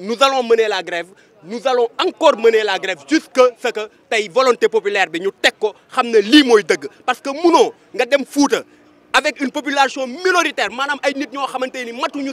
nous allons mener la grève nous allons encore mener la grève jusqu'à ce que la volonté populaire bi ñu teg ko parce que nous, nous dem foutre avec une population minoritaire Madame, ay nous ñoo ni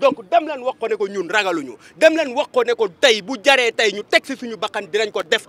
donc dem leen wax ko ne ko ñun ragaluñu dem leen wax ko ne ko tey bu jaree tey ñu teg si suñu bakkan dinañ ko def